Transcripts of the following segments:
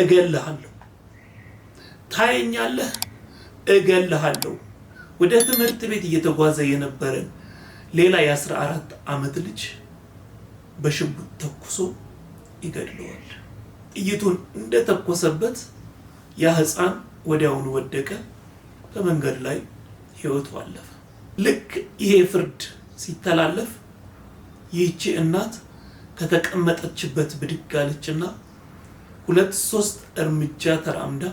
እገልሃለሁ፣ ታየኛለህ፣ እገልሃለሁ። ወደ ትምህርት ቤት እየተጓዘ የነበረ ሌላ የአስራ አራት ዓመት ልጅ በሽጉጥ ተኩሶ ይገድለዋል። ጥይቱን እንደተኮሰበት ያ ሕፃን ወዲያውኑ ወደቀ፣ በመንገድ ላይ ህይወቱ አለፈ። ልክ ይሄ ፍርድ ሲተላለፍ ይህቺ እናት ከተቀመጠችበት ብድግ አለችና ሁለት ሶስት እርምጃ ተራምዳ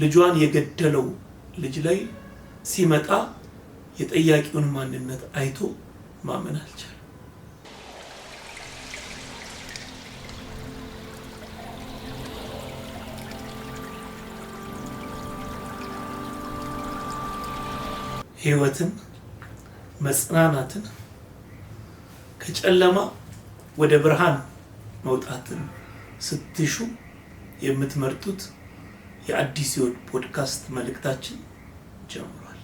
ልጇን የገደለው ልጅ ላይ ሲመጣ የጠያቂውን ማንነት አይቶ ማመን አልቻለም። ህይወትን መጽናናትን ከጨለማ ወደ ብርሃን መውጣትን ስትሹ የምትመርጡት የአዲስ ሕይወት ፖድካስት መልእክታችን ጀምሯል።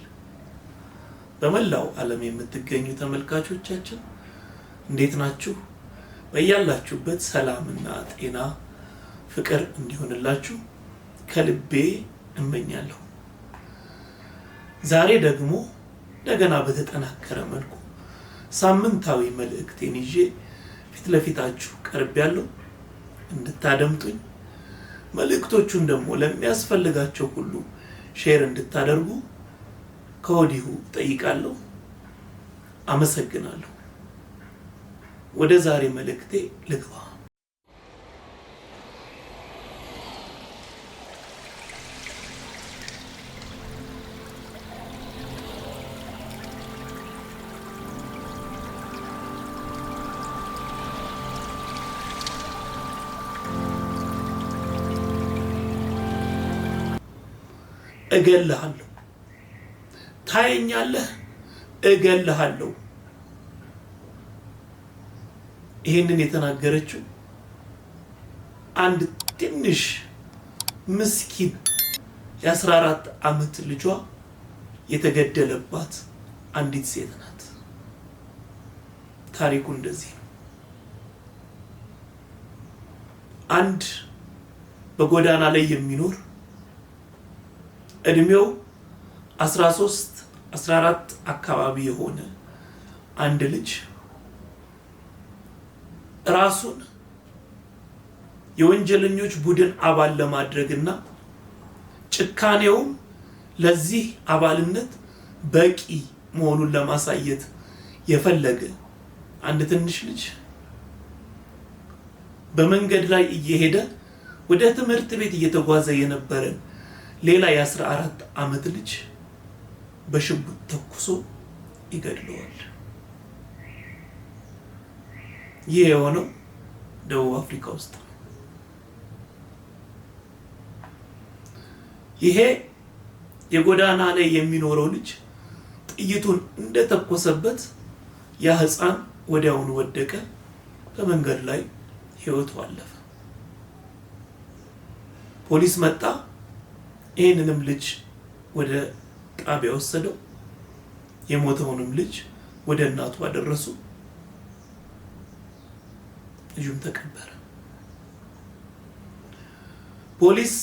በመላው ዓለም የምትገኙ ተመልካቾቻችን እንዴት ናችሁ? በያላችሁበት ሰላምና ጤና ፍቅር እንዲሆንላችሁ ከልቤ እመኛለሁ። ዛሬ ደግሞ እንደገና በተጠናከረ መልኩ ሳምንታዊ መልእክቴን ይዤ ፊት ለፊታችሁ ቀርቤያለሁ። እንድታደምጡኝ መልእክቶቹን ደግሞ ለሚያስፈልጋቸው ሁሉ ሼር እንድታደርጉ ከወዲሁ ጠይቃለሁ። አመሰግናለሁ። ወደ ዛሬ መልእክቴ ልግባ። እገልሃለሁ፣ ታየኛለህ፣ እገልሃለሁ። ይህንን የተናገረችው አንድ ትንሽ ምስኪን የአስራ አራት ዓመት ልጇ የተገደለባት አንዲት ሴት ናት። ታሪኩ እንደዚህ ነው። አንድ በጎዳና ላይ የሚኖር እድሜው 13 14 አካባቢ የሆነ አንድ ልጅ ራሱን የወንጀለኞች ቡድን አባል ለማድረግ እና ጭካኔውም ለዚህ አባልነት በቂ መሆኑን ለማሳየት የፈለገ አንድ ትንሽ ልጅ በመንገድ ላይ እየሄደ ወደ ትምህርት ቤት እየተጓዘ የነበረን ሌላ የአስራ አራት ዓመት ልጅ በሽጉጥ ተኩሶ ይገድለዋል። ይህ የሆነው ደቡብ አፍሪካ ውስጥ ነው። ይሄ የጎዳና ላይ የሚኖረው ልጅ ጥይቱን እንደተኮሰበት ያ ሕፃን ወዲያውን ወደቀ። በመንገድ ላይ ህይወቱ አለፈ። ፖሊስ መጣ። ይህንንም ልጅ ወደ ጣቢያ ወሰደው። የሞተውንም ልጅ ወደ እናቱ አደረሱ። ልጁም ተቀበረ። ፖሊስ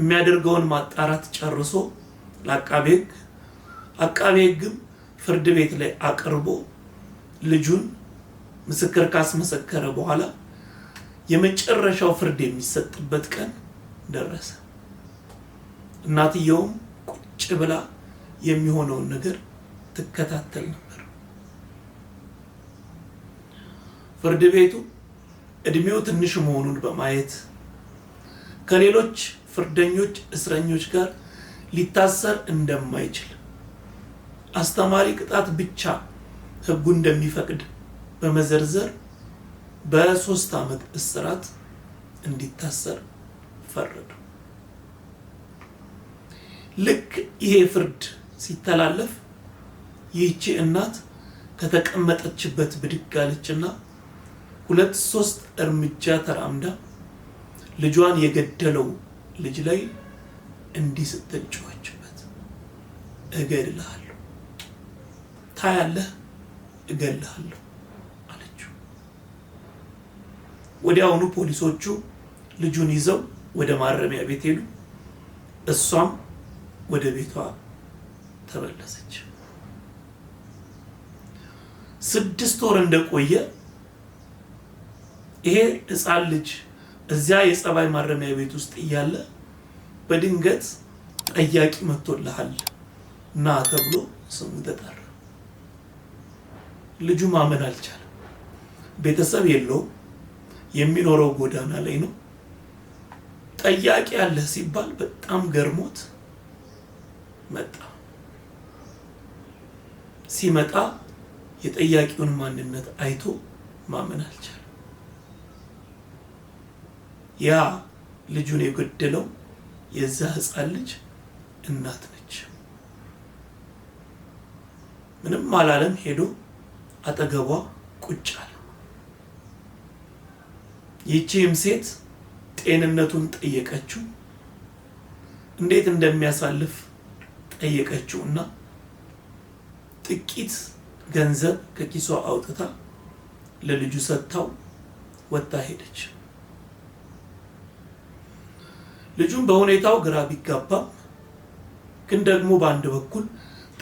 የሚያደርገውን ማጣራት ጨርሶ ለአቃቤ ሕግ አቃቤ ሕግም ፍርድ ቤት ላይ አቅርቦ ልጁን ምስክር ካስመሰከረ በኋላ የመጨረሻው ፍርድ የሚሰጥበት ቀን ደረሰ። እናትየውም ቁጭ ብላ የሚሆነውን ነገር ትከታተል ነበር። ፍርድ ቤቱ እድሜው ትንሽ መሆኑን በማየት ከሌሎች ፍርደኞች እስረኞች ጋር ሊታሰር እንደማይችል አስተማሪ ቅጣት ብቻ ሕጉ እንደሚፈቅድ በመዘርዘር በሶስት ዓመት እስራት እንዲታሰር ፈረዱ። ልክ ይሄ ፍርድ ሲተላለፍ ይህቺ እናት ከተቀመጠችበት ብድግ አለችና ሁለት ሶስት እርምጃ ተራምዳ ልጇን የገደለው ልጅ ላይ እንዲህ ስትል ጮኸችበት። እገድልሃለሁ፣ ታያለህ፣ እገድልሃለሁ አለችው። ወዲያውኑ ፖሊሶቹ ልጁን ይዘው ወደ ማረሚያ ቤት ሄዱ። እሷም ወደ ቤቷ ተመለሰች። ስድስት ወር እንደቆየ ይሄ ህፃን ልጅ እዚያ የጸባይ ማረሚያ ቤት ውስጥ እያለ በድንገት ጠያቂ መጥቶልሃል ና ተብሎ ስሙ ተጠራ። ልጁ ማመን አልቻለም። ቤተሰብ የለውም። የሚኖረው ጎዳና ላይ ነው። ጠያቂ አለ ሲባል በጣም ገርሞት መጣ። ሲመጣ የጠያቂውን ማንነት አይቶ ማመን አልቻለም። ያ ልጁን የገደለው የዛ ሕፃን ልጅ እናት ነች። ምንም አላለም። ሄዶ አጠገቧ ቁጭ አለ። ይቺም ሴት ጤንነቱን ጠየቀችው፣ እንዴት እንደሚያሳልፍ ጠየቀችው እና ጥቂት ገንዘብ ከኪሷ አውጥታ ለልጁ ሰጥታው ወጥታ ሄደች። ልጁም በሁኔታው ግራ ቢጋባም ግን ደግሞ በአንድ በኩል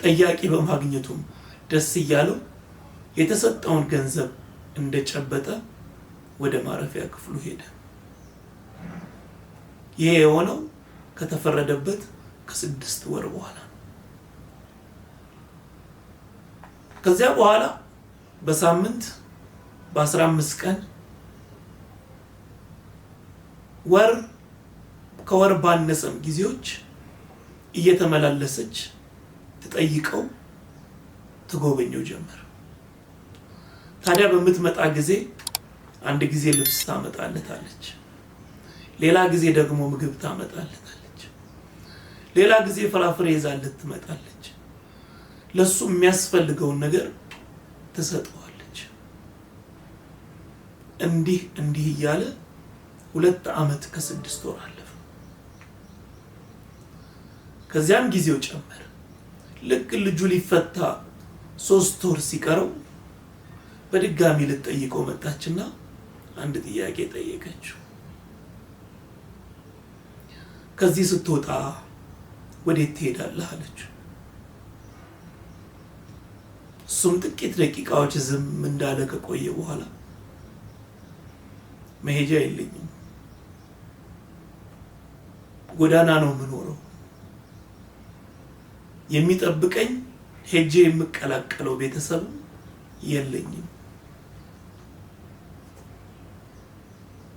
ጠያቂ በማግኘቱም ደስ እያለው የተሰጠውን ገንዘብ እንደጨበጠ ወደ ማረፊያ ክፍሉ ሄደ። ይሄ የሆነው ከተፈረደበት ከስድስት ወር በኋላ ከዚያ በኋላ በሳምንት በ15 ቀን ወር ከወር ባነሰም ጊዜዎች እየተመላለሰች ትጠይቀው ትጎበኘው ጀመር። ታዲያ በምትመጣ ጊዜ አንድ ጊዜ ልብስ ታመጣለታለች፣ ሌላ ጊዜ ደግሞ ምግብ ታመጣለታለች፣ ሌላ ጊዜ ፍራፍሬ ይዛለት ትመጣለች። ለሱ የሚያስፈልገውን ነገር ትሰጠዋለች። እንዲህ እንዲህ እያለ ሁለት ዓመት ከስድስት ወር አለፈ። ከዚያም ጊዜው ጨመረ። ልክ ልጁ ሊፈታ ሶስት ወር ሲቀረው በድጋሚ ልትጠይቀው መጣችና አንድ ጥያቄ ጠየቀችው። ከዚህ ስትወጣ ወዴት ትሄዳለህ? አለችው። እሱም ጥቂት ደቂቃዎች ዝም እንዳለ ከቆየ በኋላ መሄጃ የለኝም፣ ጎዳና ነው የምኖረው፣ የሚጠብቀኝ ሄጄ የምቀላቀለው ቤተሰብ የለኝም፣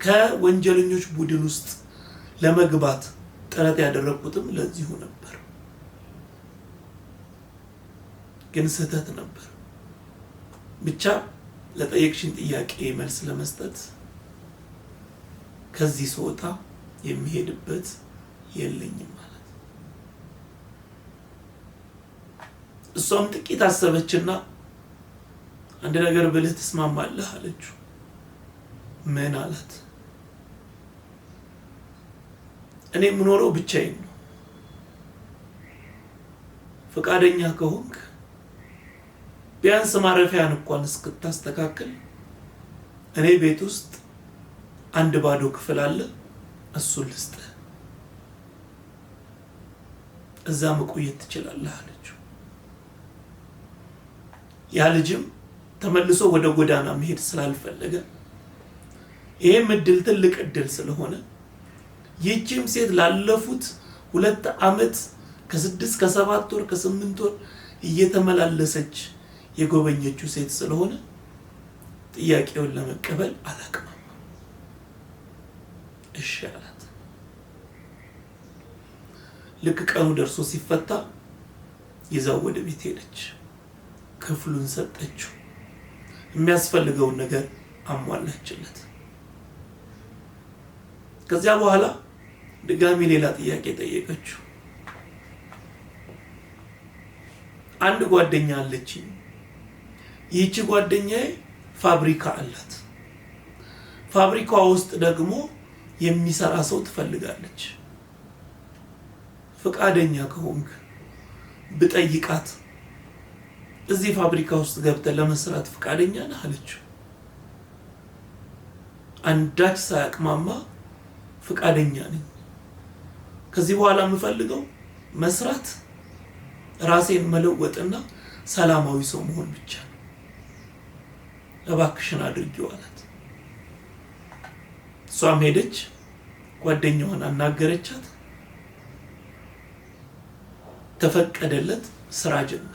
ከወንጀለኞች ቡድን ውስጥ ለመግባት ጥረት ያደረግኩትም ለዚሁ ነበር፣ ግን ስህተት ነበር። ብቻ ለጠየቅሽን ጥያቄ መልስ ለመስጠት ከዚህ ስወጣ የሚሄድበት የለኝም ማለት እሷም ጥቂት አሰበችና አንድ ነገር ብልህ ትስማማለህ አለችው ምን አላት እኔ የምኖረው ብቻዬን ነው ፈቃደኛ ከሆንክ ቢያንስ ማረፊያን እንኳን እስክታስተካክል እኔ ቤት ውስጥ አንድ ባዶ ክፍል አለ፣ እሱን ልስጥህ፣ እዛ መቆየት ትችላለህ አለችው። ያ ልጅም ተመልሶ ወደ ጎዳና መሄድ ስላልፈለገ ይህም እድል ትልቅ እድል ስለሆነ ይህችም ሴት ላለፉት ሁለት ዓመት ከስድስት ከሰባት ወር ከስምንት ወር እየተመላለሰች የጎበኘችው ሴት ስለሆነ ጥያቄውን ለመቀበል አላቅማም። እሺ አላት። ልክ ቀኑ ደርሶ ሲፈታ ይዛው ወደ ቤት ሄደች። ክፍሉን ሰጠችው። የሚያስፈልገውን ነገር አሟላችለት። ከዚያ በኋላ ድጋሚ ሌላ ጥያቄ ጠየቀችው። አንድ ጓደኛ አለችኝ ይህቺ ጓደኛዬ ፋብሪካ አላት። ፋብሪካዋ ውስጥ ደግሞ የሚሰራ ሰው ትፈልጋለች። ፈቃደኛ ከሆንክ ብጠይቃት እዚህ ፋብሪካ ውስጥ ገብተን ለመስራት ፈቃደኛ ነህ አለችው። አንዳች ሳያቅማማ ፈቃደኛ ነኝ፣ ከዚህ በኋላ የምፈልገው መስራት፣ ራሴን መለወጥና ሰላማዊ ሰው መሆን ብቻ ነው። እባክሽን አድርጊው አላት። እሷም ሄደች ጓደኛዋን አናገረቻት። ተፈቀደለት፣ ስራ ጀመረ።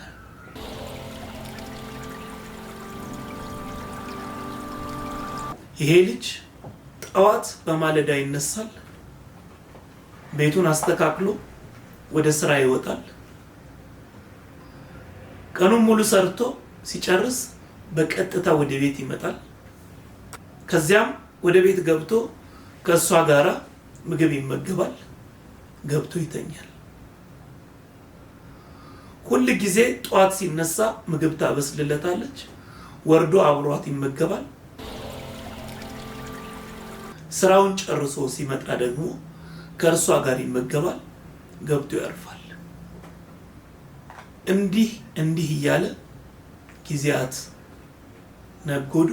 ይሄ ልጅ ጠዋት በማለዳ ይነሳል፣ ቤቱን አስተካክሎ ወደ ስራ ይወጣል። ቀኑን ሙሉ ሰርቶ ሲጨርስ በቀጥታ ወደ ቤት ይመጣል። ከዚያም ወደ ቤት ገብቶ ከእሷ ጋራ ምግብ ይመገባል፣ ገብቶ ይተኛል። ሁል ጊዜ ጠዋት ሲነሳ ምግብ ታበስልለታለች፣ ወርዶ አብሯት ይመገባል። ስራውን ጨርሶ ሲመጣ ደግሞ ከእርሷ ጋር ይመገባል፣ ገብቶ ያርፋል። እንዲህ እንዲህ እያለ ጊዜያት ነጎዱ።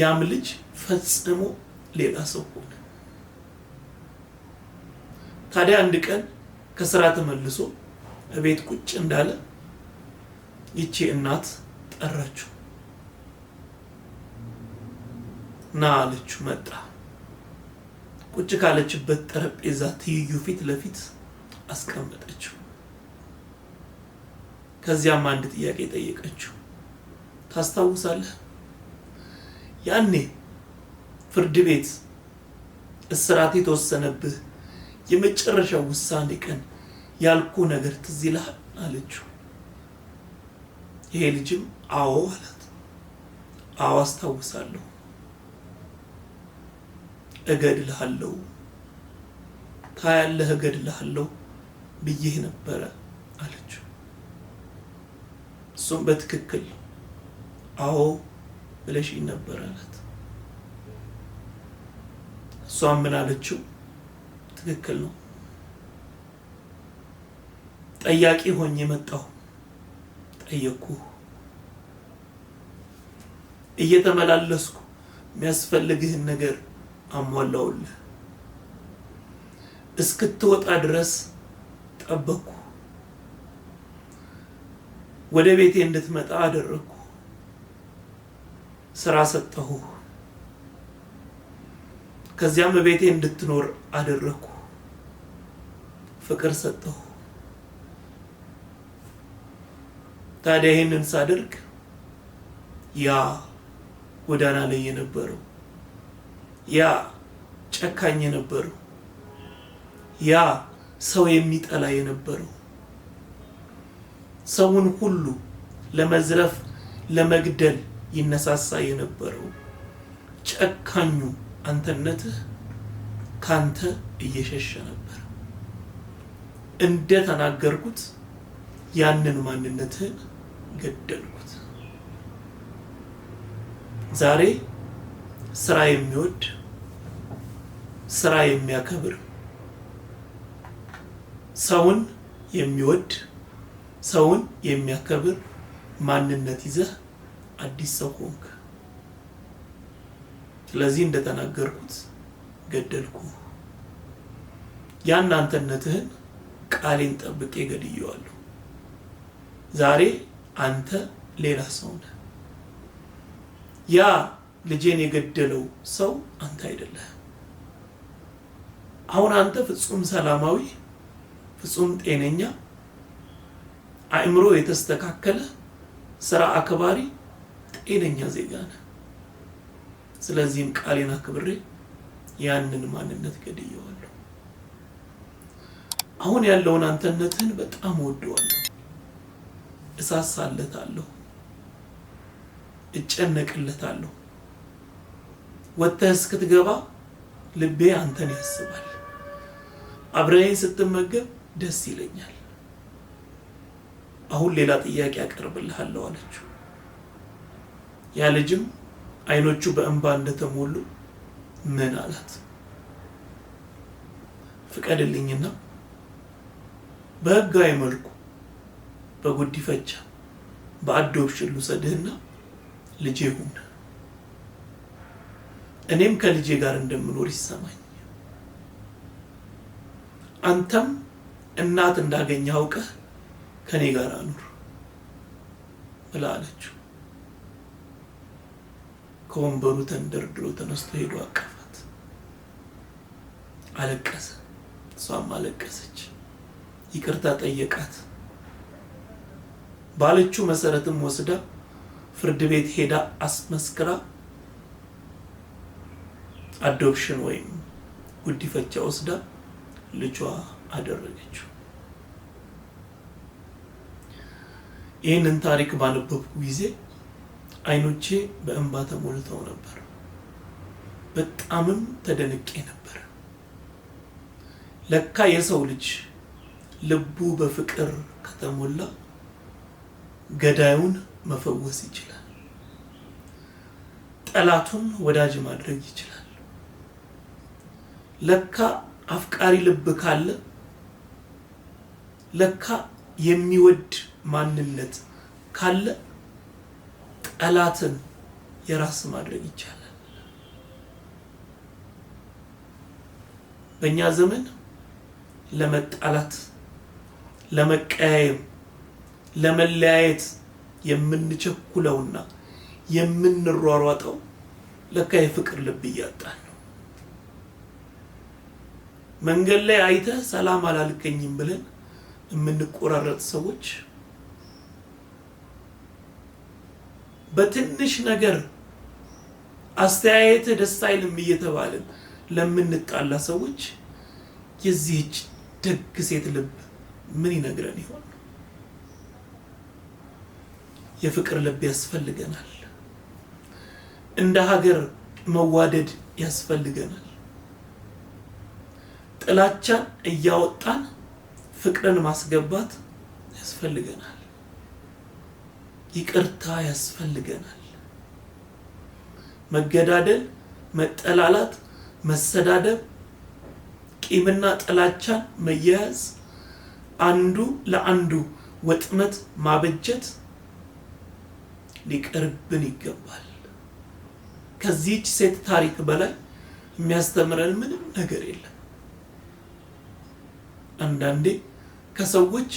ያም ልጅ ፈጽሞ ሌላ ሰው ሆነ። ታዲያ አንድ ቀን ከስራ ተመልሶ እቤት ቁጭ እንዳለ ይቺ እናት ጠራችው። ና አለችው። መጣ። ቁጭ ካለችበት ጠረጴዛ ትይዩ ፊት ለፊት አስቀመጠችው። ከዚያም አንድ ጥያቄ ጠየቀችው። ታስታውሳለህ? ያኔ ፍርድ ቤት እስራት የተወሰነብህ የመጨረሻው ውሳኔ ቀን ያልኩ ነገር ትዝ ይልሃል አለችው። ይሄ ልጅም አዎ አላት። አዎ አስታውሳለሁ፣ እገድልሃለሁ፣ ታያለህ፣ እገድልሃለሁ ብዬህ ነበረ አለችው። እሱም በትክክል አዎ ብለሽኝ ነበር አላት። እሷም ምን አለችው? ትክክል ነው፣ ጠያቂ ሆኜ መጣሁ፣ ጠየቅኩ፣ እየተመላለስኩ የሚያስፈልግህን ነገር አሟላውልህ፣ እስክትወጣ ድረስ ጠበቅኩ፣ ወደ ቤቴ እንድትመጣ አደረግኩ ስራ ሰጠሁ። ከዚያም በቤቴ እንድትኖር አደረግኩ። ፍቅር ሰጠሁ። ታዲያ ይህንን ሳደርግ ያ ጎዳና ላይ የነበረው ያ ጨካኝ የነበረው ያ ሰው የሚጠላ የነበረው ሰውን ሁሉ ለመዝረፍ፣ ለመግደል ይነሳሳ የነበረው ጨካኙ አንተነትህ ካንተ እየሸሸ ነበር። እንደ ተናገርኩት ያንን ማንነትህን ገደልኩት። ዛሬ ስራ የሚወድ ስራ የሚያከብር ሰውን የሚወድ ሰውን የሚያከብር ማንነት ይዘህ አዲስ ሰው ሆንክ። ስለዚህ እንደተናገርኩት ገደልኩ። ያን አንተነትህን ቃሌን ጠብቄ ገድየዋለሁ። ዛሬ አንተ ሌላ ሰው ነህ። ያ ልጄን የገደለው ሰው አንተ አይደለህ። አሁን አንተ ፍጹም ሰላማዊ፣ ፍጹም ጤነኛ፣ አእምሮ የተስተካከለ ስራ አክባሪ ጤነኛ ዜጋ ነህ። ስለዚህም ቃሌን አክብሬ ያንን ማንነት ገድየዋለሁ። አሁን ያለውን አንተነትህን በጣም ወደዋለሁ፣ እሳሳለታለሁ፣ እጨነቅለታለሁ። ወጥተህ እስክትገባ ልቤ አንተን ያስባል። አብረኸኝ ስትመገብ ደስ ይለኛል። አሁን ሌላ ጥያቄ አቀርብልሃለሁ አለችው። ያ ልጅም አይኖቹ በእንባ እንደተሞሉ ምን አላት፣ ፍቀድልኝና በህጋዊ መልኩ በጉዲፈቻ በአዶፕሽን ልውሰድህና ልጄ ሁን፣ እኔም ከልጄ ጋር እንደምኖር ይሰማኝ፣ አንተም እናት እንዳገኘ አውቀህ ከኔ ጋር አኑር ብላ አለችው። ከወንበሩ ተንደርድሮ ተነስቶ ሄዶ አቀፋት፣ አለቀሰ፣ እሷም አለቀሰች። ይቅርታ ጠየቃት። ባለችው መሰረትም ወስዳ ፍርድ ቤት ሄዳ አስመስክራ አዶፕሽን ወይም ጉዲፈቻ ወስዳ ልጇ አደረገችው። ይህንን ታሪክ ባነበብኩ ጊዜ አይኖቼ በእንባ ተሞልተው ነበር። በጣምም ተደንቄ ነበር። ለካ የሰው ልጅ ልቡ በፍቅር ከተሞላ ገዳዩን መፈወስ ይችላል። ጠላቱን ወዳጅ ማድረግ ይችላል። ለካ አፍቃሪ ልብ ካለ ለካ የሚወድ ማንነት ካለ ጠላትን የራስ ማድረግ ይቻላል። በእኛ ዘመን ለመጣላት፣ ለመቀያየም፣ ለመለያየት የምንቸኩለውና የምንሯሯጠው ለካ የፍቅር ልብ እያጣን ነው። መንገድ ላይ አይተህ ሰላም አላልከኝም ብለን የምንቆራረጥ ሰዎች በትንሽ ነገር አስተያየት ደስ አይልም እየተባልን ለምንጣላ ሰዎች የዚህች ደግ ሴት ልብ ምን ይነግረን ይሆን? የፍቅር ልብ ያስፈልገናል። እንደ ሀገር መዋደድ ያስፈልገናል። ጥላቻን እያወጣን ፍቅርን ማስገባት ያስፈልገናል። ይቅርታ ያስፈልገናል። መገዳደል፣ መጠላላት፣ መሰዳደብ፣ ቂምና ጥላቻን መያያዝ፣ አንዱ ለአንዱ ወጥመት ማበጀት ሊቀርብን ይገባል። ከዚህች ሴት ታሪክ በላይ የሚያስተምረን ምንም ነገር የለም። አንዳንዴ ከሰዎች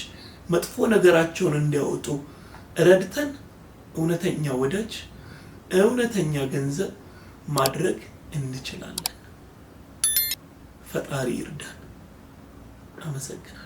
መጥፎ ነገራቸውን እንዲያወጡ ረድተን እውነተኛ ወዳጅ፣ እውነተኛ ገንዘብ ማድረግ እንችላለን። ፈጣሪ ይርዳን። አመሰግናለሁ።